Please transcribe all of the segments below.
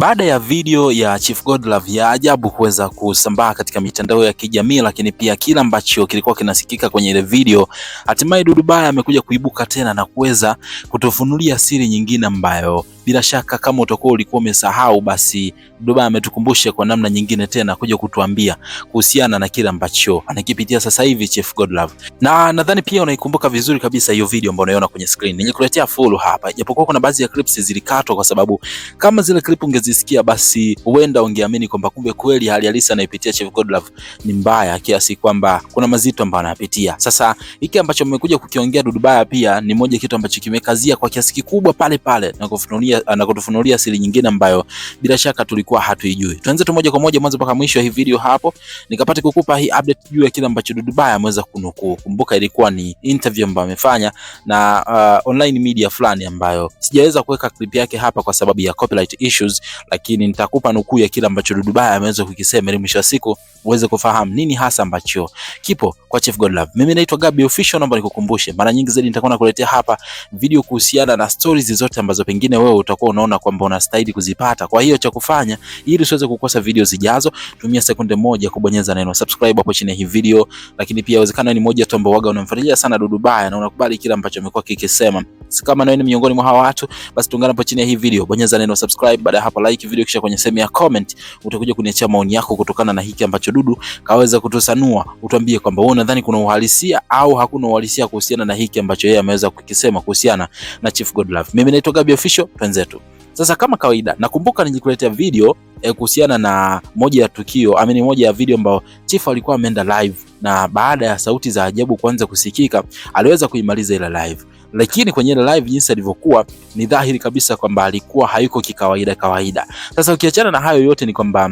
Baada ya video ya Chief Godlove ya ajabu kuweza kusambaa katika mitandao ya kijamii, lakini pia kila ambacho kilikuwa kinasikika kwenye ile video, hatimaye Dudu Baya amekuja kuibuka tena na kuweza kutufunulia siri nyingine ambayo bila shaka kama utakuwa ulikuwa umesahau, basi Dudu Baya ametukumbusha kwa namna nyingine tena kuja kutuambia kuhusiana na kile ambacho anakipitia sasa hivi Chief Godlove, na nadhani pia unaikumbuka vizuri kabisa hiyo video ambayo unaiona kwenye screen. Nilikuletea full hapa, japokuwa kuna baadhi ya clips zilikatwa kwa sababu kama zile clip ungezi ukizisikia basi huenda ungeamini kwamba kumbe kweli hali halisi anayopitia Chief Godlove ni mbaya kiasi kwamba kuna mazito ambayo anayapitia. Sasa hiki ambacho mmekuja kukiongea Dudu pia ni moja kitu ambacho kimekazia kwa kiasi kikubwa pale pale na kufunulia na kutufunulia siri nyingine ambayo bila shaka tulikuwa hatuijui. Tuanze tu moja kwa moja mwanzo mpaka mwisho hii video hapo, nikapate kukupa hii update juu ya kile ambacho Dudu ameweza kunukuu. Kumbuka ilikuwa ni interview ambayo amefanya na uh, online media fulani ambayo sijaweza kuweka clip yake hapa kwa sababu ya copyright issues, lakini nitakupa nukuu ya kile ambacho Dudu ameweza kukisema ili mwisho wa siku uweze kufahamu nini hasa ambacho kipo kwa Chief Godlove. Mimi naitwa Gabi Official, naomba nikukumbushe, mara nyingi zaidi nitakuwa nakuletea hapa video kuhusiana na stories zote ambazo pengine wewe utakuwa unaona kwamba unastahili kuzipata. Kwa hiyo cha kufanya ili usiweze kukosa video zijazo, tumia sekunde moja kubonyeza neno subscribe hapo chini ya hii video, lakini pia uwezekano ni moja tu ambao waga unamfuatilia sana Dudu na unakubali kile ambacho amekuwa kikisema kama nawe ni miongoni mwa hawa watu, basi tuungane hapo chini ya hii video, bonyeza neno subscribe, baada ya hapo like video, kisha kwenye sehemu ya comment utakuja kuniachia maoni yako kutokana na hiki ambacho Dudu kaweza kutusanua. Utuambie kwamba wewe unadhani kuna uhalisia au hakuna uhalisia kuhusiana na hiki ambacho yeye ameweza kukisema kuhusiana na Chief Godlove. Mimi naitwa Gabi Official, twenzetu. Sasa kama kawaida, nakumbuka nilikuletea video eh, kuhusiana na moja ya tukio amini, moja ya video ambayo Chief alikuwa ameenda live, na baada ya sauti za ajabu kuanza kusikika, aliweza kuimaliza ile live lakini kwenye ile live jinsi alivyokuwa ni dhahiri kabisa kwamba alikuwa hayuko kikawaida kawaida. Sasa ukiachana na hayo yote, ni kwamba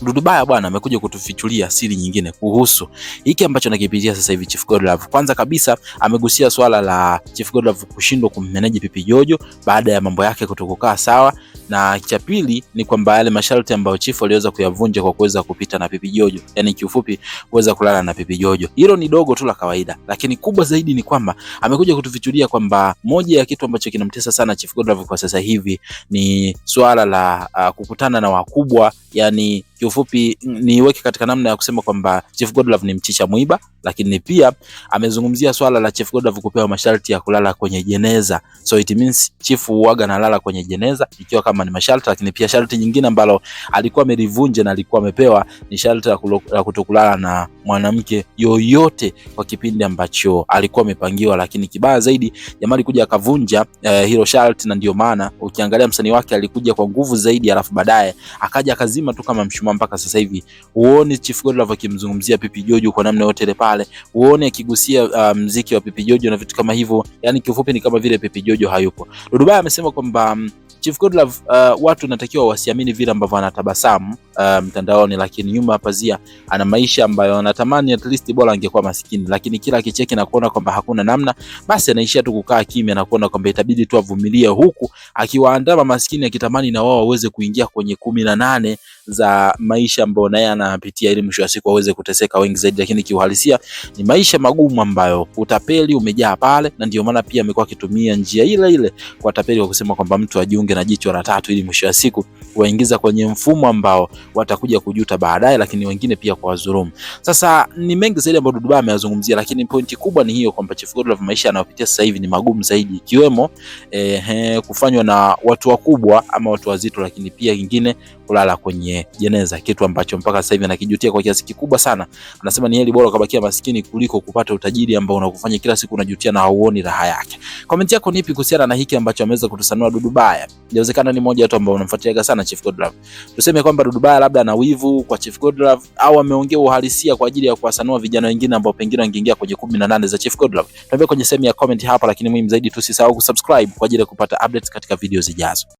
Dudubaya bwana amekuja kutufichulia siri nyingine kuhusu hiki ambacho nakipitia sasa hivi Chief Godlove. Kwanza kabisa amegusia swala la Chief Godlove kushindwa kummeneji Pipi Jojo baada ya mambo yake kutokukaa sawa, na cha pili ni kwamba yale masharti ambayo Chief aliweza kuyavunja kwa kuweza kupita na Pipi Jojo, yani kiufupi kuweza kulala na Pipi Jojo. Hilo ni dogo tu la kawaida, lakini kubwa zaidi ni kwamba amekuja kutufichulia kwamba moja ya kitu ambacho kinamtesa sana Chief Godlove kwa sasa hivi ni swala la uh, kukutana na wakubwa yani Kiufupi mm, niweke katika namna ya kusema kwamba Chief Godlove ni mchicha mwiba, lakini pia amezungumzia swala la Chief Godlove kupewa masharti ya kulala kwenye jeneza. So it means Chief huaga analala kwenye jeneza ikiwa kama ni masharti, lakini pia sharti nyingine ambalo alikuwa amelivunja na alikuwa amepewa ni sharti la kutokulala na mwanamke yoyote kwa kipindi ambacho alikuwa amepangiwa, lakini kibaya zaidi jamaa alikuja akavunja eh, hilo sharti, na ndio maana ukiangalia msanii wake alikuja kwa nguvu zaidi, alafu baadaye akaja akazima tu kama mshumaa mpaka sasa hivi huoni Chief Godlove akimzungumzia Pipi Jojo kwa namna yote ile pale, uone akigusia uh, mziki wa Pipi Jojo na vitu kama hivyo. Yani kiufupi ni kama vile Pipi Jojo hayupo. Dudubaya amesema kwamba um, Chief Godlove, uh, watu natakiwa wasiamini vile ambavyo anatabasamu uh, mtandaoni, lakini nyuma pazia ana maisha ambayo anatamani at least bora angekuwa maskini, lakini kila akicheki na kuona kwamba hakuna namna, basi anaishia tu kukaa kimya na kuona kwamba itabidi tu avumilie, huku akiwaandama maskini akitamani na wao waweze kuingia kwenye kumi na nane za maisha ambayo naye anapitia ili mwisho wa siku aweze kuteseka wengi zaidi, lakini kiuhalisia ni maisha magumu ambayo utapeli umejaa pale, na ndio maana pia amekuwa akitumia njia ile ile kwa tapeli kwa kusema kwamba mtu ajiunge na jicho la tatu ili mwisho wa siku waingiza kwenye mfumo ambao watakuja kujuta baadaye, lakini wengine pia kwa wadhulumu. Sasa ni mengi zaidi ambayo Dudu Baya ameyazungumzia, lakini pointi kubwa ni hiyo kwamba Chief Godlove maisha anayopitia sasa hivi ni magumu zaidi, ikiwemo eh, kufanywa na watu wakubwa ama watu wazito, lakini pia kingine kulala kwenye jeneza, kitu ambacho mpaka sasa hivi anakijutia kwa kiasi kikubwa sana. Anasema ni heri bora kabakia maskini kuliko kupata utajiri ambao unakufanya kila siku unajutia na hauoni raha yake. Comment yako ni ipi kuhusiana na hiki ambacho ameweza kutusanua Dudu Baya? Inawezekana ni moja watu ambao unamfuatiliaga sana Chief Godlove. Tuseme kwamba Dudu Baya labda na wivu kwa Chief Godlove au ameongea uhalisia kwa ajili ya kuwasanua vijana wengine ambao pengine wangeingia kwenye 18 za Chief Godlove? Tuambie kwenye sehemu ya comment hapa, lakini muhimu zaidi tusisahau kusubscribe kwa ajili ya kupata updates katika video zijazo.